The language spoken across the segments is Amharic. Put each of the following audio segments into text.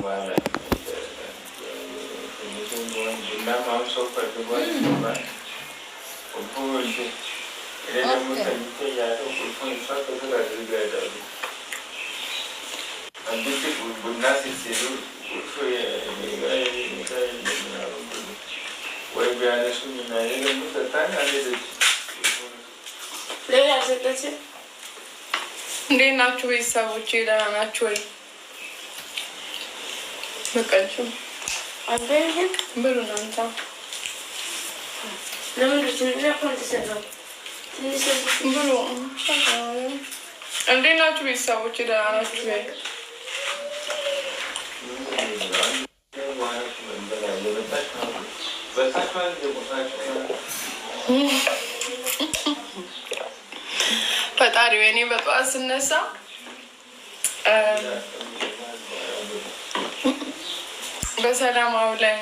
environment. Remember also for the world, Kupu Ruchi. Ele é muito ligado, Kupu só que eu ligado. A gente, o Bunasi Siru, Kupu é ligado, ligado, ligado. O Ebiane Sumina, ele é muito tão ligado. Leo, você tá se? Ninguém não te ouve, só vou tirar, não te ouve. በቀንሹ አንተ ይሄን ብሉ እናንተ ለምን እንዴት ናችሁ ቤተሰቦች? ደህና ናችሁ? ፈጣሪ ወይኔ በጠዋት ስነሳ በሰላም አውለኝ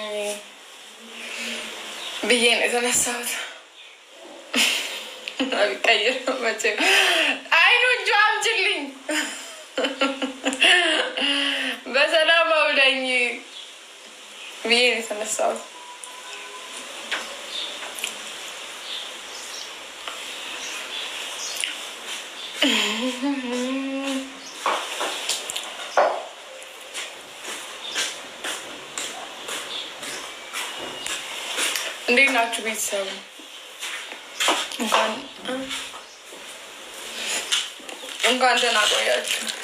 ብዬ ነው የተነሳሁት። ቀይር መቼ አይኑ እጁ አምችልኝ በሰላም አውለኝ ብዬ ነው የተነሳሁት። እንዴት ናችሁ ቤተሰቡ? እንኳን ደህና ቆያችሁ።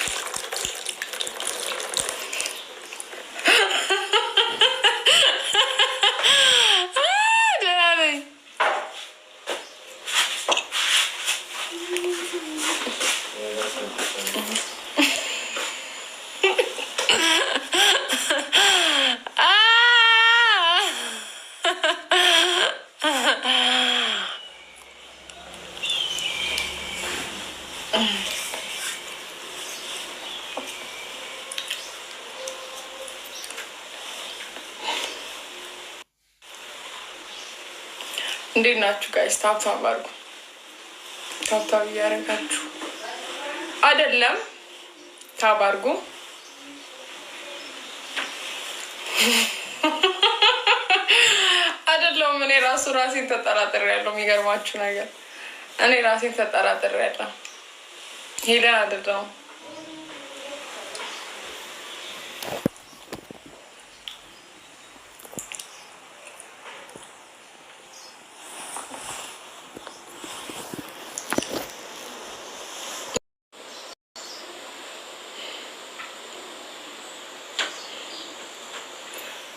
እንዴት ናችሁ ጋይስ? ታብታብ አድርጉ። ታብታብ እያደረጋችሁ አይደለም፣ ታብ አድርጉ። አይደለም እኔ ራሱ ራሴን ያለው የሚገርማችሁ ነገር እኔ ራሴን ተጠራጥሬያለሁ። ሄደን አይደለም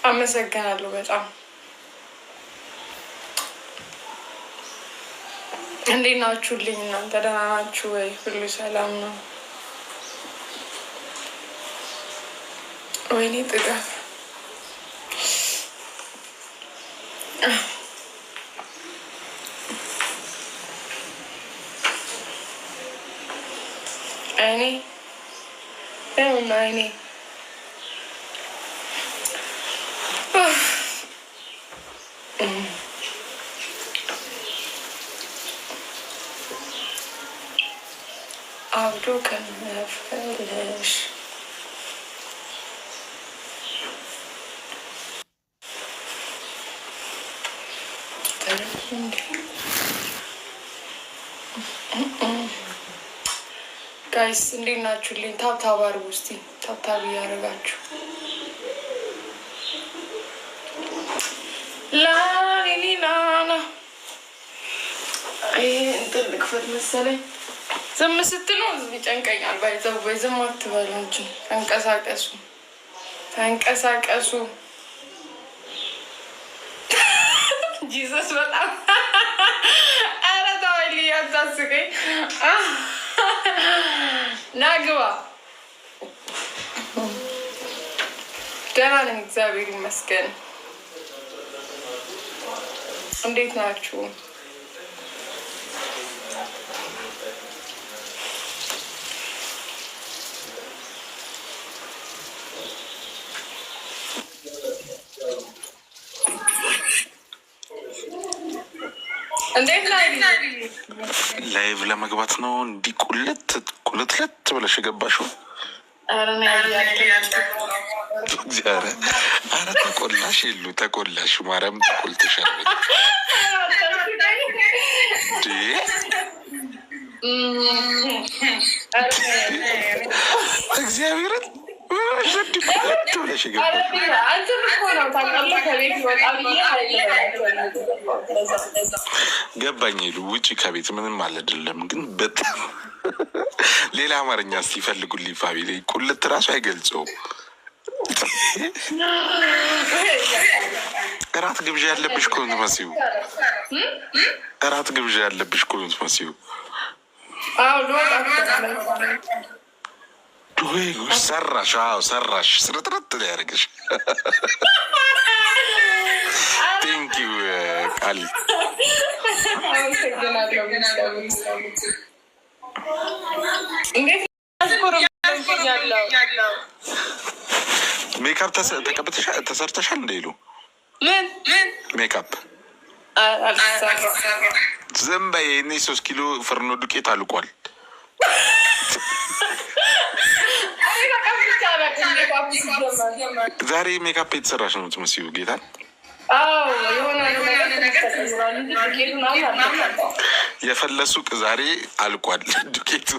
አመሰግናለሁ በጣም እንዴት ናችሁልኝ? እናንተ ደህና ናችሁ ወይ? ሁሉ ሰላም ነው? ወይኔ ጥጋት እኔ እኔ አብዶ ከመፈለሽ ጋይስ እንዴት ናችሁልኝ? ታብታብ አድርጉ እስኪ ታብታብ እያደረጋችሁ ላሊሊላና ይህ እንትን ልክፈት መሰለኝ ዝም ስትሉ ይጨንቀኛል። ባይዘው ወይ ዝም አትበሉ እንጂ ተንቀሳቀሱ፣ ተንቀሳቀሱ። ጂሰስ በጣም ኧረ ተው ልዬ ናግባ ደህና ነኝ፣ እግዚአብሔር ይመስገን። እንዴት ናችሁ? ላይቭ ለመግባት ነው። እንዲህ ቁልት ለት ብለሽ የገባሽው አረ ተቆላሽ የሉ ተቆላሽ ማርያም ተቆልተሻል። እግዚአብሔርን እንዲህ ትንሽ ገባኝ። ሄዱ ውጭ ከቤት ምንም አልደለም፣ ግን በጣም ሌላ አማርኛ ሲፈልጉልኝ ፋሚሊ ቁልት ራሱ አይገልጸውም። እራት ግብዣ ያለብሽ እኮ ነው እራት ግብዣ ያለብሽ እኮ ነው ጉድ ሰራሽ! አዎ ሰራሽ። ስርጥርጥ ነው ያደረገሽ። ቴንኪው ቃሊ። ሜካፕ ተሰርተሻል እንደ ይሉ ሜካፕ ዝም በይ። ሶስት ኪሎ ፍርኖ ዱቄት አልቋል። ዛሬ ሜካፕ የተሰራሽ ነው የምትመስዩ ጌታ የፈለሱ ዛሬ አልቋል ዱቄቱ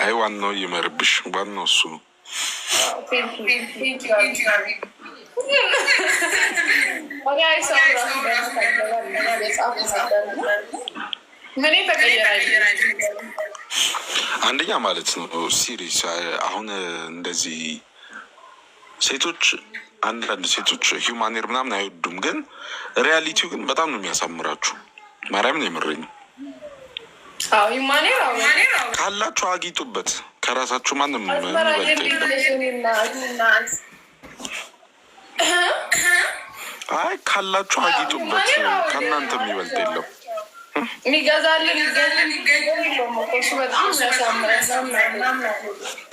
አይ ዋናው ይመርብሽ ዋናው እሱ ነው አንደኛ ማለት ነው ሲሪስ አሁን እንደዚህ ሴቶች አንዳንድ ሴቶች ሂውማኔር ምናምን አይወዱም፣ ግን ሪያሊቲው ግን በጣም ነው የሚያሳምራችሁ። ማርያምን የምረኝ ካላችሁ አጊጡበት። ከራሳችሁ ማንም በልጥ የለም አይ ካላችሁ አጊጡበት፣ ከእናንተ የሚበልጥ የለም።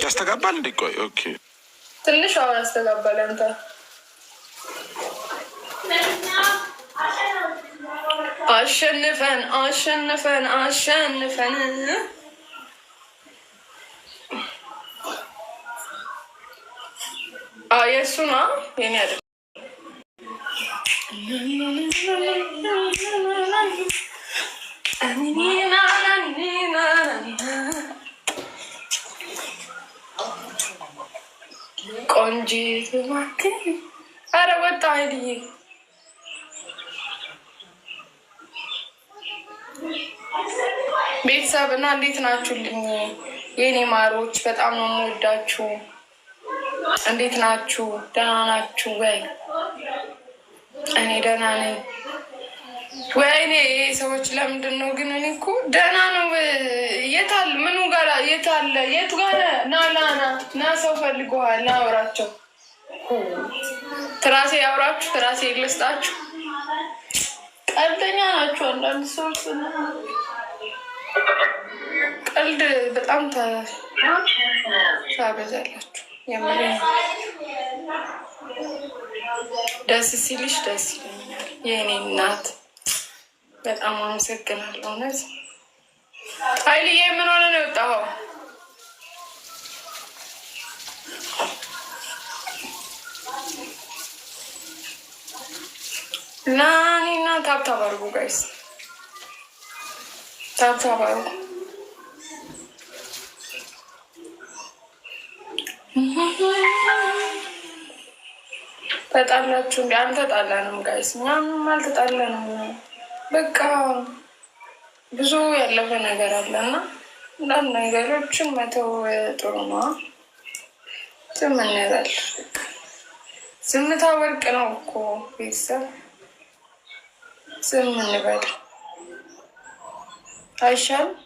ያስተጋባል እንዴ? ቆይ ኦኬ፣ ትንሽ አሁን ያስተጋባል። አንተ አሸንፈን አሸንፈን አሸንፈን የእሱ ነው የኔ አይደለም። አረ ወጣ አይልዬ ቤተሰብ እና እንዴት ናችሁልኝ? የኔ ማሮች በጣም ነው የምወዳችሁ። እንዴት ናችሁ? ደህና ናችሁ ወይ? እኔ ደህና ነኝ። ወይኔ ሰዎች ለምንድን ነው ግን? እኔ እኮ ደህና ነው። የታል ምኑ ጋር የታለ? የቱ ጋር ና ና ና ና፣ ሰው ፈልገዋል። ና አውራቸው። ትራሴ ያውራችሁ፣ ትራሴ ይልስጣችሁ። ቀልደኛ ናችሁ አንዳንድ ሰዎች። ቀልድ በጣም ታበዛላችሁ። ደስ ሲልሽ ደስ ይለኛል የእኔ እናት። በጣም አመሰግናለሁ። እውነት ኃይልዬ ምን ሆነ ነው የወጣኸው? ታብታብ አድርጉ ጋይስ፣ ታብታብ አድርጉ ተጣላችሁ? እንዲ አልተጣላንም ጋይስ፣ እኛም አልተጣላንም። በቃ ብዙ ያለፈ ነገር አለና አንዳንድ ነገሮችን መተው ጥሩ ነው። ዝም እንላለን። ዝምታ ወርቅ ነው እኮ ቤተሰብ፣ ዝም እንበል አይሻልም?